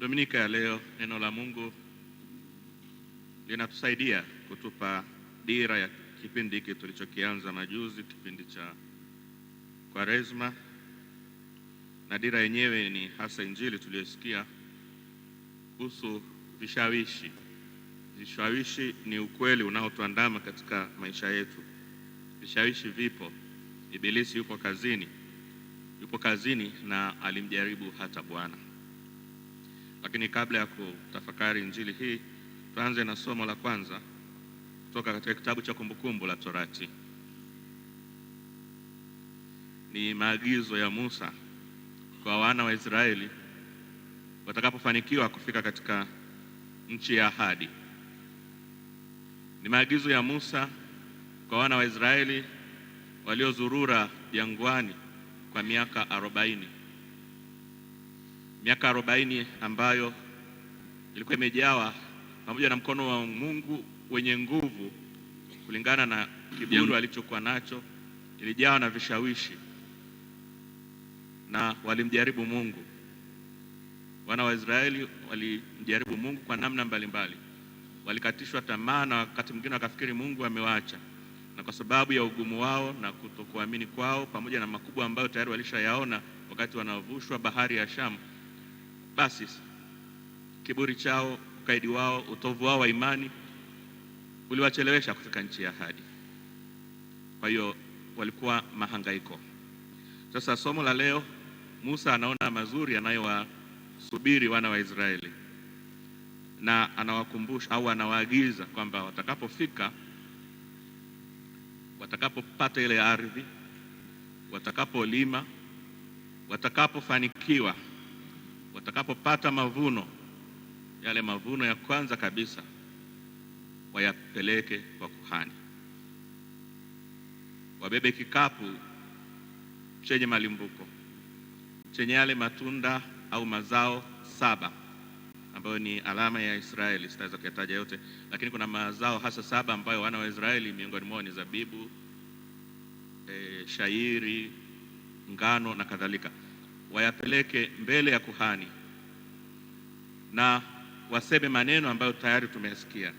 Dominika ya leo neno la Mungu linatusaidia kutupa dira ya kipindi hiki tulichokianza majuzi, kipindi cha Kwaresma, na dira yenyewe ni hasa injili tuliyosikia kuhusu vishawishi. Vishawishi ni ukweli unaotuandama katika maisha yetu. Vishawishi vipo. Ibilisi yupo kazini, yupo kazini na alimjaribu hata Bwana. Lakini kabla ya kutafakari injili hii, tuanze na somo la kwanza kutoka katika kitabu cha Kumbukumbu la Torati. Ni maagizo ya Musa kwa wana wa Israeli watakapofanikiwa kufika katika nchi ya ahadi. Ni maagizo ya Musa kwa wana wa Israeli waliozurura jangwani kwa miaka arobaini miaka 40 ambayo ilikuwa imejawa pamoja na mkono wa Mungu wenye nguvu kulingana na kiburi alichokuwa nacho, ilijawa na vishawishi na walimjaribu Mungu. Wana wa Israeli walimjaribu Mungu kwa namna mbalimbali mbali. Walikatishwa tamaa na wakati mwingine wakafikiri Mungu amewaacha, na kwa sababu ya ugumu wao na kutokuamini kwao pamoja na makubwa ambayo tayari walishayaona wakati wanavushwa bahari ya Shamu basi kiburi chao, ukaidi wao, utovu wao wa imani uliwachelewesha kufika nchi ya ahadi. Kwa hiyo walikuwa mahangaiko. Sasa somo la leo, Musa anaona mazuri yanayowasubiri wana wa Israeli na anawakumbusha au anawaagiza kwamba watakapofika, watakapopata ile ardhi, watakapolima, watakapofanikiwa watakapopata mavuno yale, mavuno ya kwanza kabisa wayapeleke kwa kuhani, wabebe kikapu chenye malimbuko chenye yale matunda au mazao saba ambayo ni alama ya Israeli. Sitaweza kuyataja yote, lakini kuna mazao hasa saba ambayo wana wa Israeli miongoni mwao ni zabibu, e, shairi, ngano na kadhalika wayapeleke mbele ya kuhani na waseme maneno ambayo tayari tumeyasikia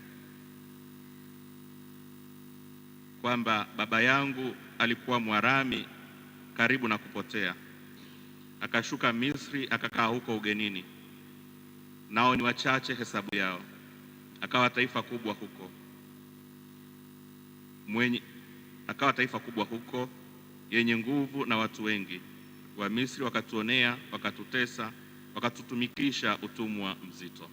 kwamba baba yangu alikuwa Mwarami karibu na kupotea, akashuka Misri akakaa huko ugenini, nao ni wachache hesabu yao, akawa taifa kubwa huko mwenye, akawa taifa kubwa huko yenye nguvu na watu wengi Wamisri wakatuonea, wakatutesa, wakatutumikisha utumwa mzito.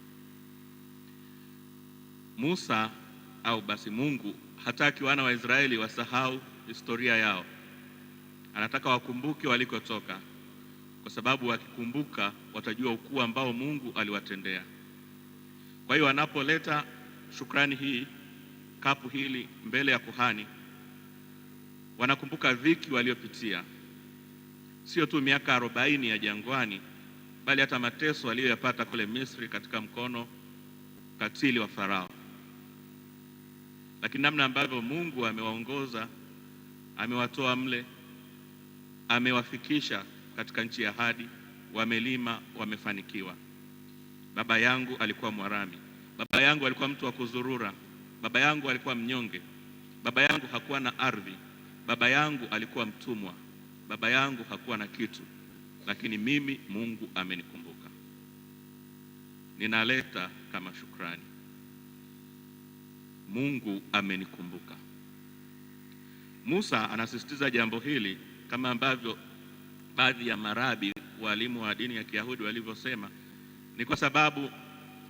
Musa au basi Mungu hataki wana wa Israeli wasahau historia yao, anataka wakumbuke walikotoka, kwa sababu wakikumbuka watajua ukuu ambao Mungu aliwatendea. Kwa hiyo wanapoleta shukrani hii, kapu hili mbele ya kuhani, wanakumbuka dhiki waliopitia sio tu miaka arobaini ya jangwani, bali hata mateso aliyoyapata kule Misri katika mkono katili wa Farao, lakini namna ambavyo Mungu amewaongoza, amewatoa mle, amewafikisha katika nchi ya ahadi, wamelima, wamefanikiwa. Baba yangu alikuwa Mwarami, baba yangu alikuwa mtu wa kuzurura, baba yangu alikuwa mnyonge, baba yangu hakuwa na ardhi, baba yangu alikuwa mtumwa baba yangu hakuwa na kitu, lakini mimi Mungu amenikumbuka, ninaleta kama shukrani. Mungu amenikumbuka. Musa anasisitiza jambo hili kama ambavyo baadhi ya marabi walimu wa dini ya Kiyahudi walivyosema, ni kwa sababu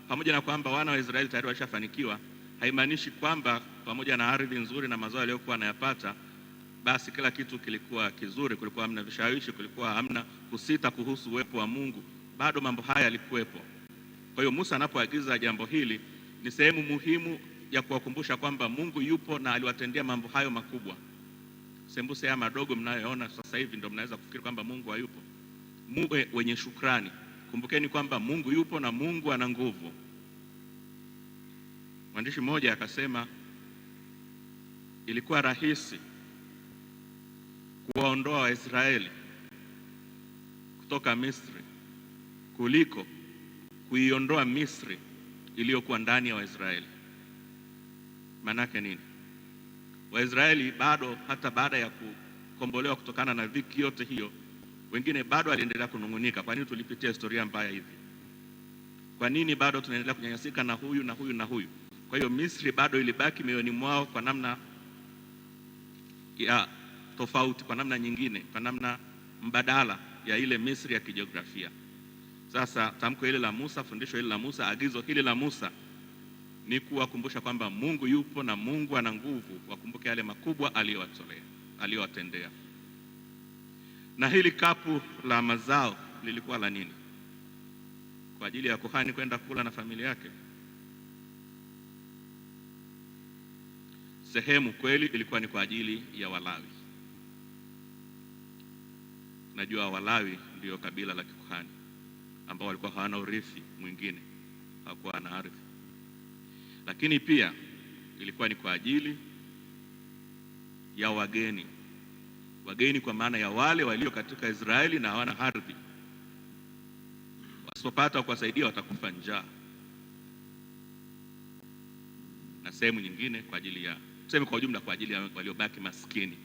pamoja na kwamba wana wa Israeli tayari walishafanikiwa, haimaanishi kwamba pamoja na ardhi nzuri na mazao yaliyokuwa wanayapata basi kila kitu kilikuwa kizuri, kulikuwa hamna vishawishi, kulikuwa hamna kusita kuhusu uwepo wa Mungu, bado mambo haya yalikuwepo. Kwa hiyo Musa anapoagiza jambo hili ni sehemu muhimu ya kuwakumbusha kwamba Mungu yupo na aliwatendea mambo hayo makubwa, sembuse haya madogo mnayoona sasa hivi, ndio mnaweza kufikiri kwamba Mungu hayupo. Muwe wenye shukrani, kumbukeni kwamba Mungu yupo na Mungu ana nguvu. Mwandishi mmoja akasema ilikuwa rahisi kuwaondoa Waisraeli kutoka Misri kuliko kuiondoa Misri iliyokuwa ndani ya Waisraeli. Maanake nini? Waisraeli bado hata baada ya kukombolewa kutokana na dhiki yote hiyo, wengine bado waliendelea kunung'unika. Kwa nini tulipitia historia mbaya hivi? Kwa nini bado tunaendelea kunyanyasika na huyu na huyu na huyu? Kwa hiyo Misri bado ilibaki mioyoni mwao kwa namna ya tofauti kwa namna nyingine, kwa namna mbadala ya ile Misri ya kijiografia. Sasa tamko hili la Musa, fundisho hili la Musa, agizo hili la Musa ni kuwakumbusha kwamba Mungu yupo na Mungu ana nguvu, wakumbuke yale makubwa aliyowatolea, aliyowatendea. Na hili kapu la mazao lilikuwa la nini? Kwa ajili ya kuhani kwenda kula na familia yake? Sehemu kweli ilikuwa ni kwa ajili ya Walawi najua Walawi ndio kabila la kikuhani ambao walikuwa hawana urithi mwingine, hawakuwa na ardhi, lakini pia ilikuwa ni kwa ajili ya wageni. Wageni kwa maana ya wale walio katika Israeli na hawana ardhi, wasipopata kuwasaidia watakufa njaa, na sehemu nyingine kwa ajili ya tuseme, kwa ujumla, kwa ajili ya waliobaki maskini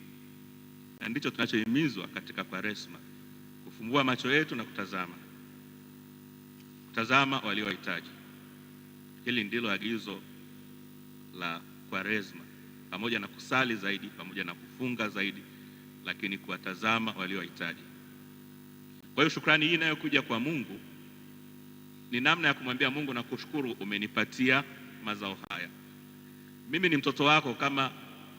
na ndicho tunachohimizwa katika Kwaresma, kufumbua macho yetu na kutazama, kutazama waliohitaji. Hili ndilo agizo la Kwaresma, pamoja na kusali zaidi, pamoja na kufunga zaidi, lakini kuwatazama waliohitaji. Kwa hiyo shukrani hii inayokuja kwa Mungu ni namna ya kumwambia Mungu na kushukuru, umenipatia mazao haya. Mimi ni mtoto wako kama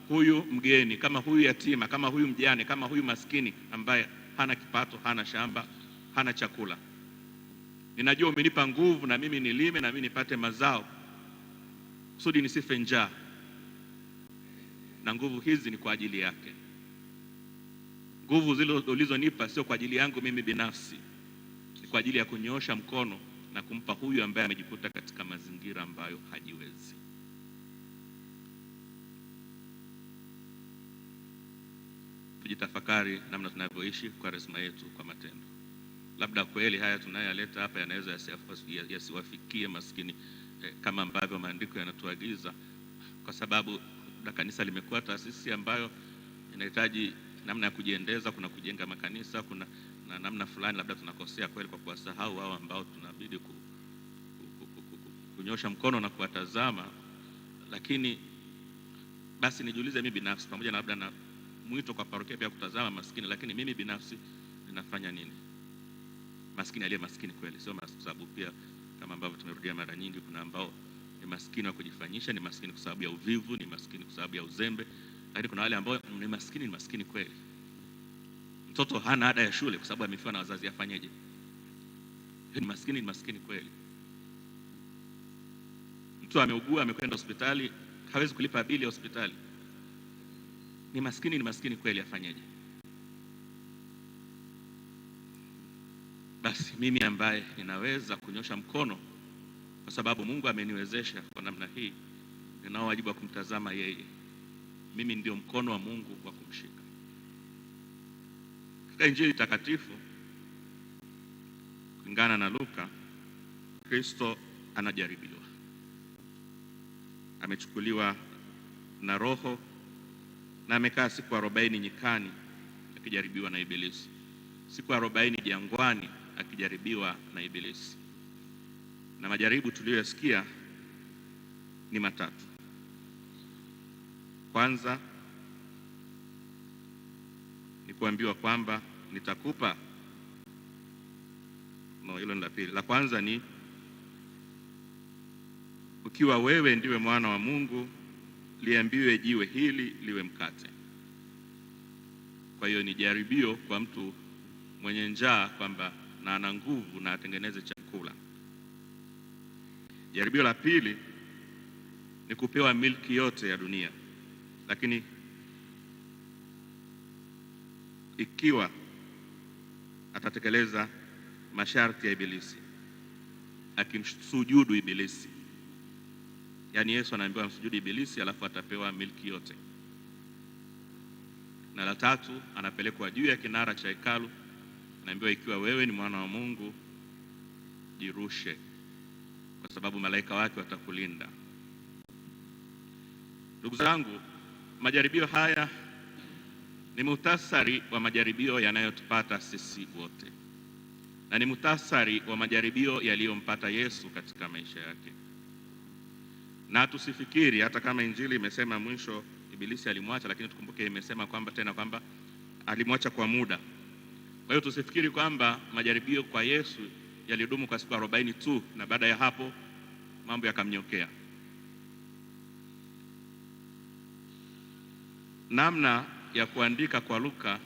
huyu mgeni, kama huyu yatima, kama huyu mjane, kama huyu maskini ambaye hana kipato, hana shamba, hana chakula. Ninajua umenipa nguvu na mimi nilime na mimi nipate mazao kusudi nisife njaa, na nguvu hizi ni kwa ajili yake. Nguvu zile ulizonipa sio kwa ajili yangu mimi binafsi, ni kwa ajili ya kunyoosha mkono na kumpa huyu ambaye amejikuta katika mazingira ambayo hajiwezi. tujitafakari namna tunavyoishi Kwaresma yetu kwa matendo. Labda kweli haya tunayoyaleta hapa yanaweza yasiwafikie maskini eh, kama ambavyo maandiko yanatuagiza, kwa sababu na kanisa limekuwa taasisi ambayo inahitaji namna ya kujiendeza. Kuna kujenga makanisa, kuna na namna fulani labda tunakosea kweli kwa kuwasahau hao ambao tunabidi ku, ku, ku, ku, ku, ku, kunyosha mkono na kuwatazama, lakini basi nijiulize mimi binafsi pamoja na labda na mwito kwa parokia pia kutazama maskini, lakini mimi binafsi ninafanya nini? Maskini aliye maskini kweli, sio sababu. Pia kama ambavyo tumerudia mara nyingi, kuna ambao ni maskini wa kujifanyisha, ni maskini kwa sababu ya uvivu, ni maskini kwa sababu ya uzembe, lakini kuna wale ambao ni maskini, ni maskini kweli. Mtoto hana ada ya shule kwa sababu amefiwa na wazazi, afanyeje? Ni maskini, ni maskini kweli. Mtu ameugua, amekwenda hospitali, hawezi kulipa bili ya hospitali ni maskini, ni maskini kweli, afanyeje? Basi mimi ambaye ninaweza kunyosha mkono kwa sababu Mungu ameniwezesha kwa namna hii, ninao wajibu wa kumtazama yeye. Mimi ndio mkono wa Mungu wa kumshika. Katika Injili takatifu kulingana na Luka, Kristo anajaribiwa, amechukuliwa na Roho na amekaa siku arobaini nyikani akijaribiwa na Ibilisi, siku arobaini jangwani akijaribiwa na Ibilisi. Na majaribu tuliyoyasikia ni matatu. Kwanza ni kuambiwa kwamba nitakupa no, hilo ni la pili. La kwanza ni ukiwa wewe ndiwe mwana wa Mungu liambiwe jiwe hili liwe mkate. Kwa hiyo ni jaribio kwa mtu mwenye njaa kwamba na ana nguvu na atengeneze chakula. Jaribio la pili ni kupewa milki yote ya dunia, lakini ikiwa atatekeleza masharti ya Ibilisi, akimsujudu Ibilisi Yaani Yesu anaambiwa msujudi Ibilisi, alafu atapewa milki yote. Na la tatu, anapelekwa juu ya kinara cha hekalu, anaambiwa ikiwa wewe ni mwana wa Mungu jirushe, kwa sababu malaika wake watakulinda. Ndugu zangu, majaribio haya ni muhtasari wa majaribio yanayotupata sisi wote na ni muhtasari wa majaribio yaliyompata Yesu katika maisha yake na tusifikiri hata kama Injili imesema mwisho ibilisi alimwacha, lakini tukumbuke imesema kwamba tena kwamba alimwacha kwa muda. Kwa hiyo tusifikiri kwamba majaribio kwa Yesu yalidumu kwa siku arobaini tu na baada ya hapo mambo yakamnyokea. Namna ya kuandika kwa Luka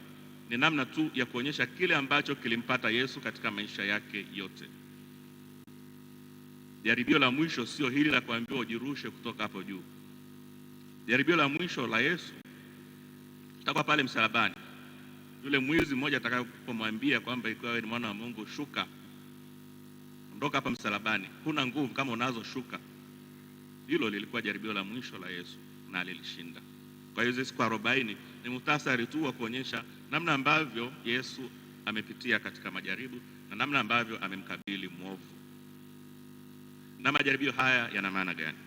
ni namna tu ya kuonyesha kile ambacho kilimpata Yesu katika maisha yake yote. Jaribio la mwisho sio hili la kuambiwa ujirushe kutoka hapo juu. Jaribio la mwisho la Yesu itakuwa pale msalabani, yule mwizi mmoja atakapomwambia kwamba ikiwa wewe ni mwana wa Mungu, shuka, ondoka hapa msalabani, huna nguvu, kama unazo shuka. Hilo lilikuwa jaribio la mwisho la Yesu na alilishinda. Kwa hiyo siku arobaini ni muhtasari tu wa kuonyesha namna ambavyo Yesu amepitia katika majaribu na namna ambavyo amemkabili mwovu na majaribio haya yana maana gani?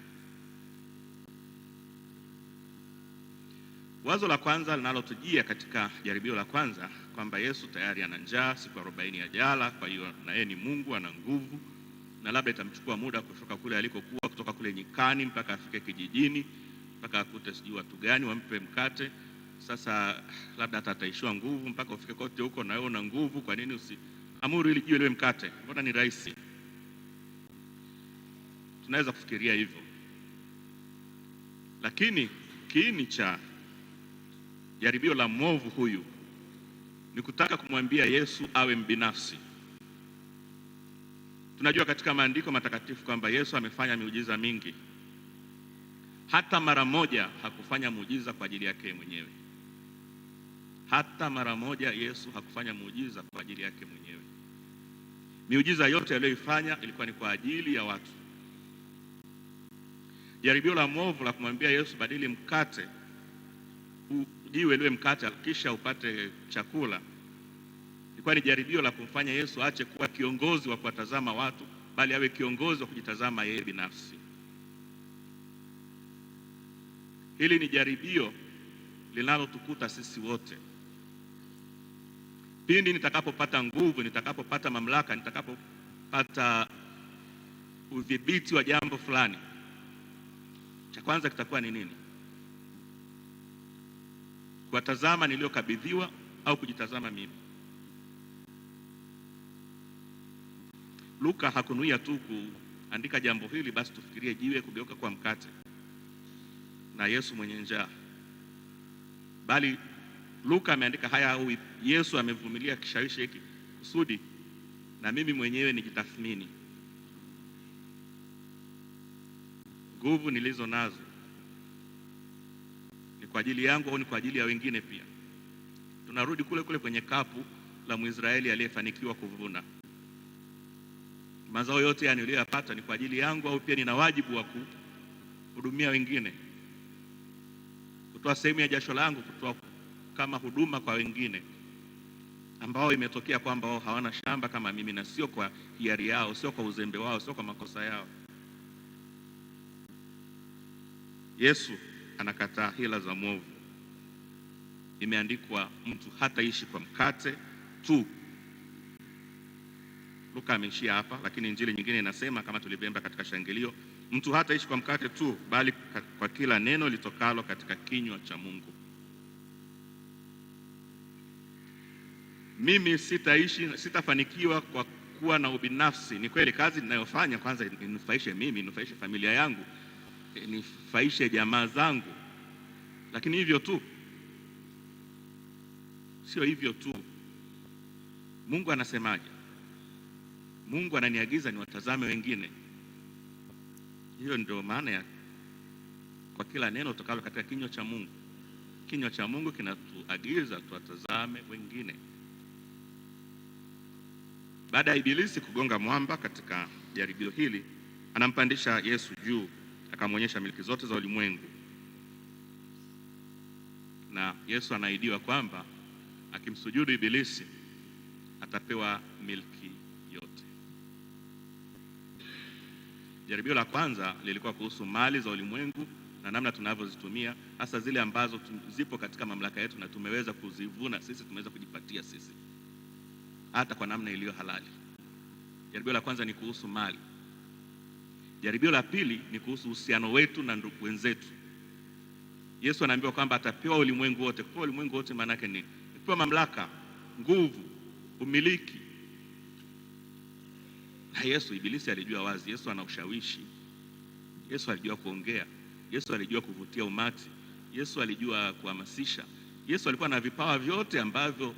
Wazo la kwanza linalotujia katika jaribio la kwanza kwamba Yesu tayari ana njaa siku arobaini ya jala, kwa hiyo na yeye ni Mungu, ana nguvu, na labda itamchukua muda kutoka kule alikokuwa, kutoka kule nyikani mpaka afike kijijini, mpaka akute sijui watu gani wampe mkate. Sasa labda hata ataishiwa nguvu mpaka ufike kote huko, na wewe una nguvu, kwa nini usiamuru ili jiwe liwe mkate? Mbona ni rahisi? Tunaweza kufikiria hivyo, lakini kiini cha jaribio la mwovu huyu ni kutaka kumwambia Yesu awe mbinafsi. Tunajua katika maandiko matakatifu kwamba Yesu amefanya miujiza mingi, hata mara moja hakufanya muujiza kwa ajili yake mwenyewe. Hata mara moja Yesu hakufanya muujiza kwa ajili yake mwenyewe. Miujiza yote aliyoifanya ilikuwa ni kwa ajili ya watu Jaribio la mwovu la kumwambia Yesu, badili mkate jiwe liwe mkate kisha upate chakula, ilikuwa ni jaribio la kumfanya Yesu aache kuwa kiongozi wa kuwatazama watu, bali awe kiongozi wa kujitazama yeye binafsi. Hili ni jaribio linalotukuta sisi wote. Pindi nitakapopata nguvu, nitakapopata mamlaka, nitakapopata udhibiti wa jambo fulani cha kwanza kitakuwa ni nini? Kuwatazama niliyokabidhiwa au kujitazama mimi? Luka hakunuia tu kuandika jambo hili basi tufikirie jiwe kugeuka kwa mkate na Yesu mwenye njaa, bali Luka ameandika haya au Yesu amevumilia kishawishi hiki kusudi na mimi mwenyewe nijitathmini. nguvu nilizo nazo ni kwa ajili yangu au ni kwa ajili ya wengine pia. Tunarudi kule kule kwenye kapu la Mwisraeli aliyefanikiwa kuvuna mazao yote yani uliyoyapata, ni kwa ajili yangu au pia nina wajibu wa kuhudumia wengine, kutoa sehemu ya jasho langu, kutoa kama huduma kwa wengine ambao imetokea kwamba wao hawana shamba kama mimi, na sio kwa hiari yao, sio kwa uzembe wao, sio kwa makosa yao. Yesu anakataa hila za mwovu. Imeandikwa, mtu hataishi kwa mkate tu. Luka ameishia hapa, lakini injili nyingine inasema kama tulivyoimba katika shangilio, mtu hataishi kwa mkate tu, bali kwa kila neno litokalo katika kinywa cha Mungu. Mimi sitaishi, sitafanikiwa kwa kuwa na ubinafsi. Ni kweli kazi ninayofanya kwanza inufaishe mimi, inufaishe familia yangu nifaishe jamaa zangu, lakini hivyo tu sio hivyo tu. Mungu anasemaje? Mungu ananiagiza niwatazame wengine. Hiyo ndio maana ya kwa kila neno utakalo katika kinywa cha Mungu. Kinywa cha Mungu kinatuagiza tuwatazame wengine. Baada ya Ibilisi kugonga mwamba katika jaribio hili, anampandisha Yesu juu akamwonyesha milki zote za ulimwengu, na Yesu anaahidiwa kwamba akimsujudu Ibilisi atapewa milki yote. Jaribio la kwanza lilikuwa kuhusu mali za ulimwengu na namna tunavyozitumia, hasa zile ambazo zipo katika mamlaka yetu na tumeweza kuzivuna sisi, tumeweza kujipatia sisi, hata kwa namna iliyo halali. Jaribio la kwanza ni kuhusu mali. Jaribio la pili ni kuhusu uhusiano wetu na ndugu wenzetu. Yesu anaambiwa kwamba atapewa ulimwengu wote. Kupewa ulimwengu wote maana yake ni Kupewa mamlaka, nguvu, umiliki. Na Yesu, Ibilisi alijua wazi, Yesu ana ushawishi, Yesu alijua kuongea, Yesu alijua kuvutia umati, Yesu alijua kuhamasisha. Yesu alikuwa na vipawa vyote ambavyo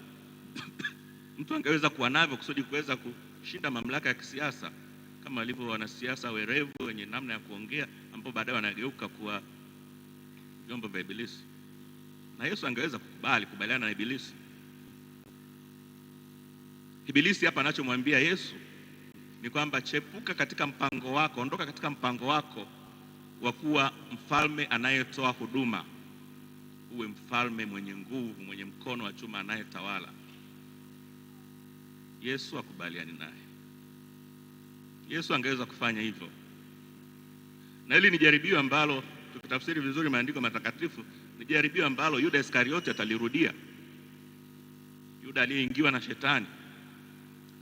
mtu angeweza kuwa navyo kusudi kuweza kushinda mamlaka ya kisiasa kama walivyo wanasiasa werevu wenye namna ya kuongea, ambapo baadaye wanageuka kuwa vyombo vya Ibilisi. Na Yesu angeweza kukubali kubaliana na Ibilisi. Ibilisi hapa anachomwambia Yesu ni kwamba chepuka katika mpango wako, ondoka katika mpango wako wa kuwa mfalme anayetoa huduma, uwe mfalme mwenye nguvu, mwenye mkono wa chuma anayetawala. Yesu akubaliani naye. Yesu angeweza kufanya hivyo, na hili ni jaribio ambalo tukitafsiri vizuri maandiko matakatifu ni jaribio ambalo Yuda Iskarioti atalirudia. Yuda aliyeingiwa na Shetani,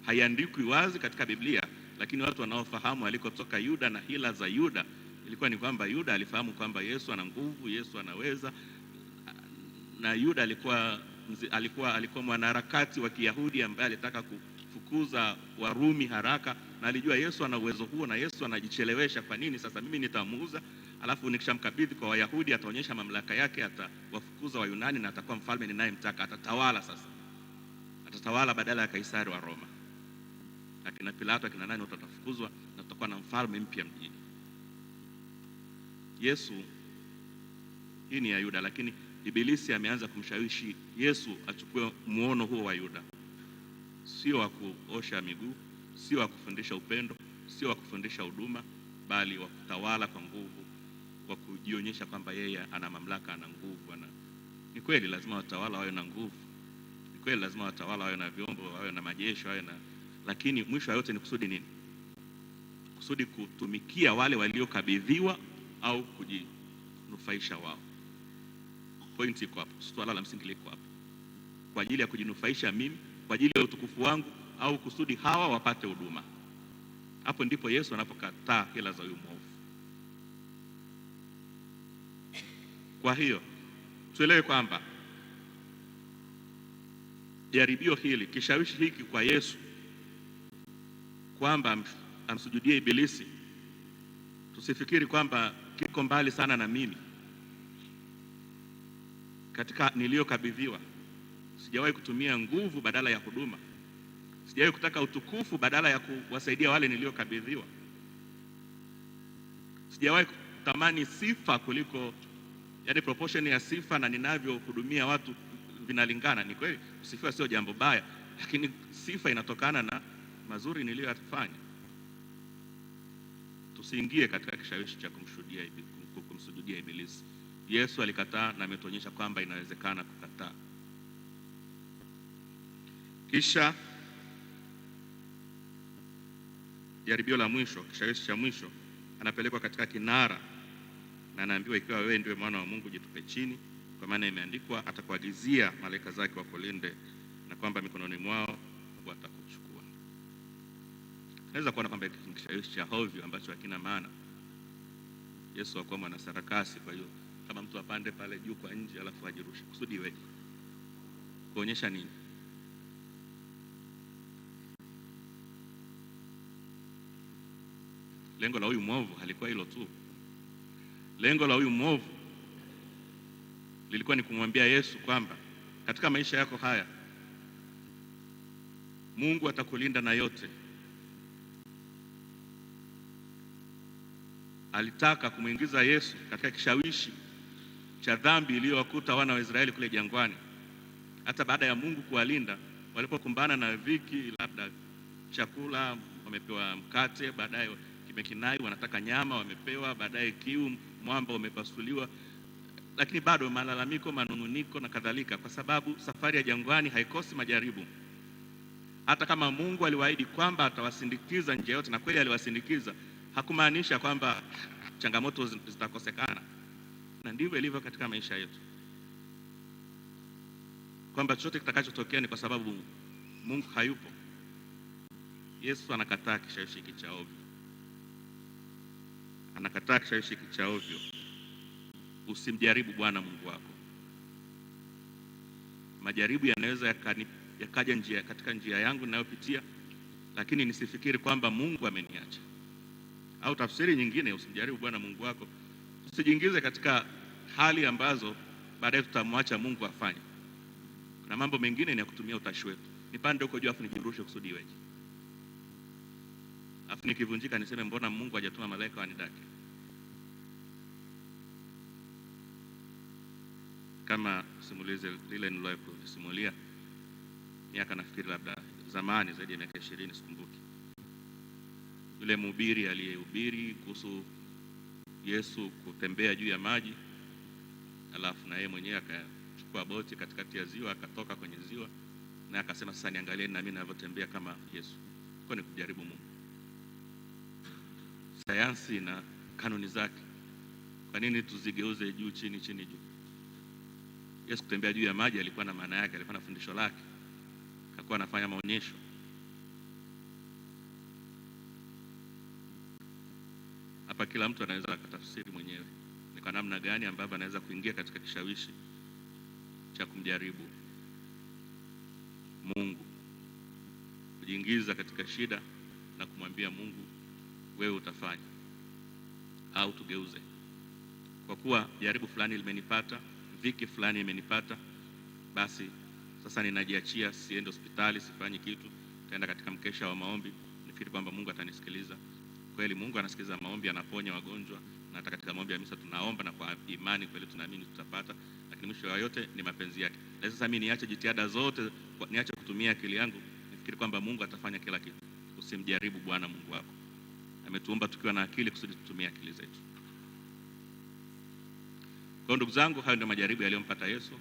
haiandikwi wazi katika Biblia, lakini watu wanaofahamu alikotoka Yuda na hila za Yuda ilikuwa ni kwamba Yuda alifahamu kwamba Yesu ana nguvu, Yesu anaweza, na Yuda alikuwa alikuwa alikuwa mwanaharakati wa Kiyahudi ambaye alitaka ku kumfunza Warumi haraka, na alijua Yesu ana uwezo huo, na Yesu anajichelewesha. Kwa nini sasa mimi nitamuuza, alafu nikishamkabidhi kwa Wayahudi ataonyesha mamlaka yake, atawafukuza Wayunani na atakuwa mfalme ninayemtaka, atatawala sasa, atatawala badala ya Kaisari wa Roma. Akina Pilato akina nani watatafukuzwa, na tutakuwa na mfalme mpya mjini. Yesu, hii ni ya Yuda, lakini Ibilisi ameanza kumshawishi Yesu achukue muono huo wa Yuda sio wa kuosha miguu, sio wa kufundisha upendo, sio wa kufundisha huduma, bali wa kutawala kwa nguvu, wa kujionyesha kwamba yeye ana mamlaka, ana nguvu, ana. Ni kweli lazima watawala wawe na nguvu, ni kweli lazima watawala wawe na vyombo, wawe na majeshi, wawe na, lakini mwisho wa yote ni kusudi nini? Kusudi kutumikia wale waliokabidhiwa au kujinufaisha wao. Pointi iko hapo, swala la msingi liko hapo, kwa ajili ya kujinufaisha mimi kwa ajili ya utukufu wangu au kusudi hawa wapate huduma. Hapo ndipo Yesu anapokataa hila za huyu mwovu. Kwa hiyo tuelewe kwamba jaribio hili, kishawishi hiki kwa Yesu kwamba amsujudie Ibilisi, tusifikiri kwamba kiko mbali sana na mimi katika niliyokabidhiwa Sijawahi kutumia nguvu badala ya huduma. Sijawahi kutaka utukufu badala ya kuwasaidia wale niliokabidhiwa. Sijawahi kutamani sifa kuliko, yani proportion ya sifa na ninavyohudumia watu vinalingana. Ni kweli kusifiwa sio jambo baya, lakini sifa inatokana na mazuri niliyoyafanya. Tusiingie katika kishawishi cha kumshuhudia kumsujudia Ibilisi. Yesu alikataa na ametuonyesha kwamba inawezekana kukataa. Kisha jaribio la mwisho, kishawishi cha mwisho, anapelekwa katika kinara na anaambiwa, ikiwa wewe ndiwe mwana wa Mungu jitupe chini, kwa maana imeandikwa, atakuagizia malaika zake wakulinde, na kwamba mikononi mwao atakuchukua. Naweza kuona kwamba ni kishawishi cha hovyo ambacho hakina maana. Yesu hakuwa mwana sarakasi, kwa hiyo kama mtu apande pale juu kwa nje alafu ajirushe, kusudi iweje? Kuonyesha nini? Lengo la huyu mwovu halikuwa hilo tu. Lengo la huyu mwovu lilikuwa ni kumwambia Yesu kwamba katika maisha yako haya Mungu atakulinda na yote. Alitaka kumwingiza Yesu katika kishawishi cha dhambi iliyowakuta wana wa Israeli kule jangwani, hata baada ya Mungu kuwalinda walipokumbana na viki labda chakula wamepewa mkate, baadaye imekinai, wanataka nyama, wamepewa baadaye kiu, mwamba umepasuliwa, lakini bado malalamiko, manununiko na kadhalika, kwa sababu safari ya jangwani haikosi majaribu. Hata kama Mungu aliwaahidi kwamba atawasindikiza njia yote, na kweli aliwasindikiza, hakumaanisha kwamba changamoto zitakosekana. Na ndivyo ilivyo katika maisha yetu, kwamba chochote kitakachotokea ni kwa sababu Mungu hayupo. Yesu anakataa kishawishi cha ovyo anakataa kishawishi cha ovyo. Usimjaribu Bwana Mungu wako. Majaribu yanaweza yakaja njia, katika njia yangu ninayopitia, lakini nisifikiri kwamba Mungu ameniacha. Au tafsiri nyingine, usimjaribu Bwana Mungu wako, usijiingize katika hali ambazo baadaye tutamwacha Mungu afanye. Kuna mambo mengine ni ya kutumia utashi wetu, nipande huko juu afu nijirushe kusudi iweje? afu nikivunjika niseme mbona Mungu hajatuma malaika wanidaki? Kama simulizi lile nilowahi kusimulia miaka nafikiri labda zamani zaidi ya miaka ishirini, sikumbuki. Yule mhubiri aliyehubiri kuhusu Yesu kutembea juu ya maji, alafu na yeye mwenyewe akachukua boti katikati ya ziwa, akatoka kwenye ziwa na akasema, sasa niangalieni na mimi ninavyotembea kama Yesu. Kwa ni kujaribu Mungu sayansi na kanuni zake. Kwa nini tuzigeuze juu chini chini juu? Yesu kutembea juu ya maji alikuwa na maana yake, alikuwa na fundisho lake, akakuwa anafanya maonyesho. Hapa kila mtu anaweza akatafsiri mwenyewe ni kwa namna gani ambavyo anaweza kuingia katika kishawishi cha kumjaribu Mungu, kujiingiza katika shida na kumwambia Mungu wewe utafanya au tugeuze, kwa kuwa jaribu fulani limenipata, viki fulani imenipata, basi sasa ninajiachia, siende hospitali, sifanyi kitu, nitaenda katika mkesha wa maombi, nifikiri kwamba Mungu atanisikiliza. Kweli Mungu anasikiliza maombi, anaponya wagonjwa, na hata katika maombi ya misa tunaomba na kwa imani kweli tunaamini tutapata, lakini mwisho wa yote ni mapenzi yake. Na sasa mimi niache jitihada zote, niache kutumia akili yangu, nifikiri kwamba Mungu atafanya kila kitu. Usimjaribu Bwana Mungu wako ametuumba tukiwa na akili kusudi tutumie akili zetu. Kwa ndugu zangu, hayo ndio majaribu yaliyompata Yesu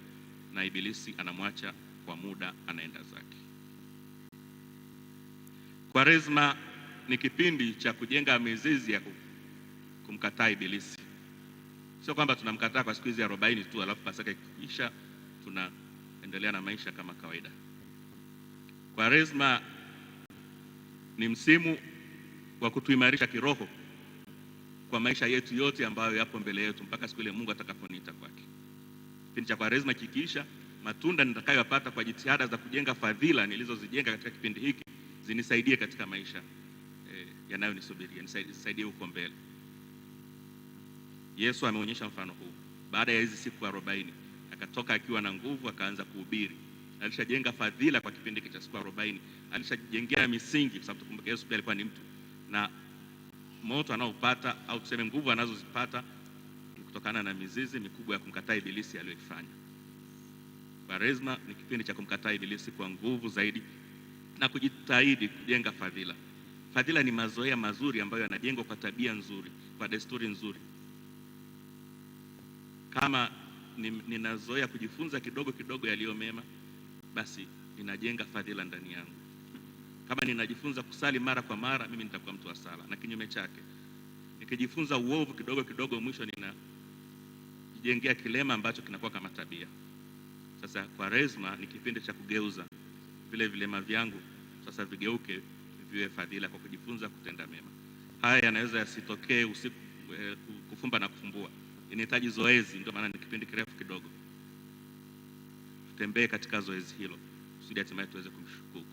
na Ibilisi anamwacha kwa muda, anaenda zake. Kwaresma ni kipindi cha kujenga mizizi ya kumkataa Ibilisi. Sio kwamba tunamkataa kwa siku hizi arobaini tu alafu Pasaka ikiisha tunaendelea na maisha kama kawaida. Kwaresma ni msimu wa kutuimarisha kiroho kwa maisha yetu yote ambayo yapo mbele yetu mpaka siku ile Mungu atakaponiita kwake. Kipindi cha Kwaresma kikiisha, matunda nitakayopata kwa jitihada za kujenga fadhila nilizozijenga katika kipindi hiki zinisaidie katika maisha eh, yanayonisubiria, nisaidie huko mbele. Yesu ameonyesha mfano huu. Baada ya hizi siku arobaini akatoka akiwa na nguvu, akaanza kuhubiri. Alishajenga fadhila kwa kipindi cha siku arobaini, alishajengea misingi, kwa sababu tukumbuke Yesu pia alikuwa ni mtu na moto anaopata au tuseme nguvu anazozipata kutokana na mizizi mikubwa ya kumkataa ibilisi aliyoifanya. Kwaresma ni kipindi cha kumkataa ibilisi kwa nguvu zaidi na kujitahidi kujenga fadhila. Fadhila ni mazoea mazuri ambayo yanajengwa kwa tabia nzuri, kwa desturi nzuri. Kama ninazoea kujifunza kidogo kidogo yaliyo mema, basi ninajenga fadhila ndani yangu. Kama ninajifunza kusali mara kwa mara, mimi nitakuwa mtu wa sala, na kinyume chake nikijifunza uovu kidogo kidogo, mwisho ninajijengea kilema ambacho kinakuwa kama tabia. Sasa Kwaresma ni kipindi cha kugeuza vile vilema vyangu, sasa vigeuke viwe fadhila kwa kujifunza kutenda mema. Haya yanaweza yasitokee usiku eh, kufumba na kufumbua, inahitaji zoezi. Ndio maana ni kipindi kirefu kidogo, tutembee katika zoezi hilo kusudi hatimaye tuweze kumshukuru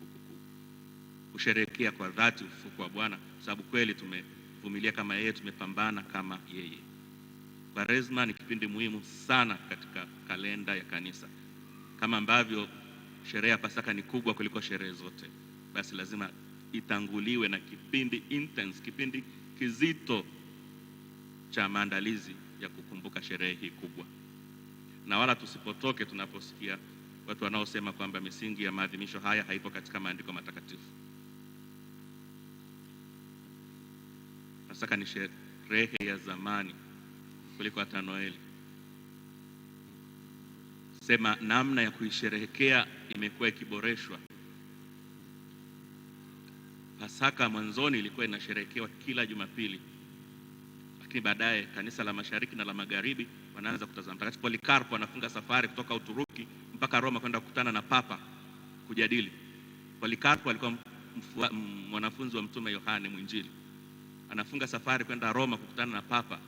kusherehekea kwa dhati ufufuko wa Bwana kwa sababu kweli tumevumilia kama yeye, tumepambana kama yeye. Kwaresma ni kipindi muhimu sana katika kalenda ya kanisa. Kama ambavyo sherehe ya Pasaka ni kubwa kuliko sherehe zote, basi lazima itanguliwe na kipindi intense, kipindi kizito cha maandalizi ya kukumbuka sherehe hii kubwa, na wala tusipotoke tunaposikia watu wanaosema kwamba misingi ya maadhimisho haya haipo katika maandiko matakatifu. Pasaka ni sherehe ya zamani kuliko hata Noeli. Sema namna ya kuisherehekea imekuwa ikiboreshwa. Pasaka mwanzoni ilikuwa inasherehekewa kila Jumapili, lakini baadaye kanisa la mashariki na la magharibi wanaanza kutazama. Mtakatifu Polikarpo anafunga safari kutoka Uturuki mpaka Roma kwenda kukutana na Papa kujadili. Polikarpo alikuwa mwanafunzi wa Mtume Yohane Mwinjili anafunga safari kwenda Roma kukutana na Papa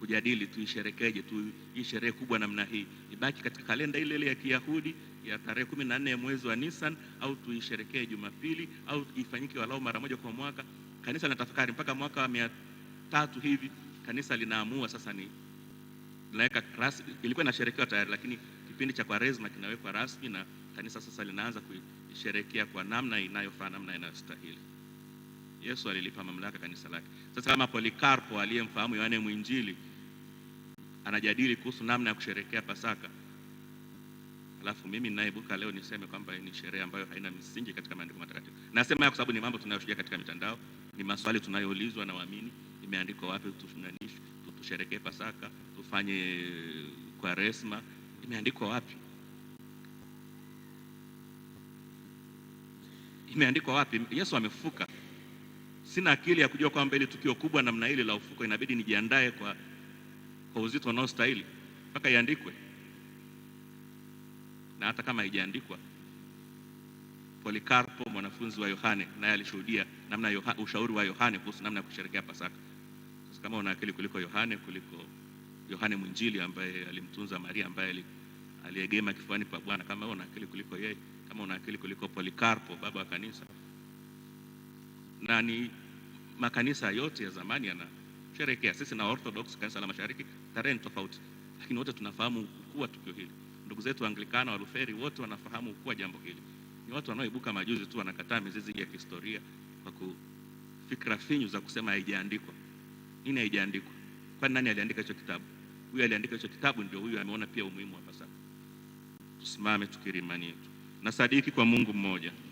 kujadili tuisherekeje, tuii sherehe kubwa namna hii, ibaki katika kalenda ile ile ya Kiyahudi ya tarehe kumi na nne ya mwezi wa Nisan, au tuisherekee Jumapili, au ifanyike walau mara moja kwa mwaka. Kanisa linatafakari mpaka mwaka wa mia tatu hivi, kanisa linaamua sasa, ni linaweka rasmi. Ilikuwa inasherekewa tayari, lakini kipindi cha Kwaresma kinawekwa rasmi na kanisa sasa linaanza kuisherekea kwa namna inayofaa, namna inayostahili. Yesu alilipa mamlaka kanisa lake. Sasa kama Polikarpo aliyemfahamu Yohane Mwinjili anajadili kuhusu namna ya kusherekea Pasaka, alafu mimi ninaibuka leo niseme kwamba ni sherehe ambayo haina misingi katika maandiko matakatifu. Nasema kwa sababu ni mambo tunayoshuhudia katika mitandao, ni maswali tunayoulizwa na waamini, imeandikwa wapi tusherekee Pasaka, tufanye Kwaresma, imeandikwa wapi? Imeandikwa wapi? Yesu amefufuka. Sina akili ya kujua kwamba ili tukio kubwa namna hili la ufuko inabidi nijiandae kwa, kwa uzito unaostahili mpaka iandikwe, na hata kama haijaandikwa Polikarpo mwanafunzi wa Yohane naye alishuhudia namna yoha, ushauri wa Yohane kuhusu namna ya kusherehekea Pasaka. Sasa kama una akili kuliko Yohane kuliko Yohane Mwinjili ambaye alimtunza Maria ambaye aliegema kifuani pa Bwana, kama una akili kuliko yeye, kama una akili kuliko Polikarpo baba wa kanisa na ni makanisa yote ya zamani yanasherekea. Sisi na Orthodox kanisa la mashariki tarehe ni tofauti, lakini wote tunafahamu ukuu wa tukio hili. Ndugu zetu wa Luferi wote wanafahamu ukuu wa jambo hili. Ni watu wanaoibuka majuzi tu wanakataa mizizi ya kihistoria kwa kufikra finyu za kusema haijaandikwa. Nini haijaandikwa? Kwani nani aliandika hicho kitabu? Huyu aliandika hicho kitabu, ndio huyu ameona pia umuhimu wa Pasaka. Tusimame tukiri imani yetu na sadiki kwa Mungu mmoja.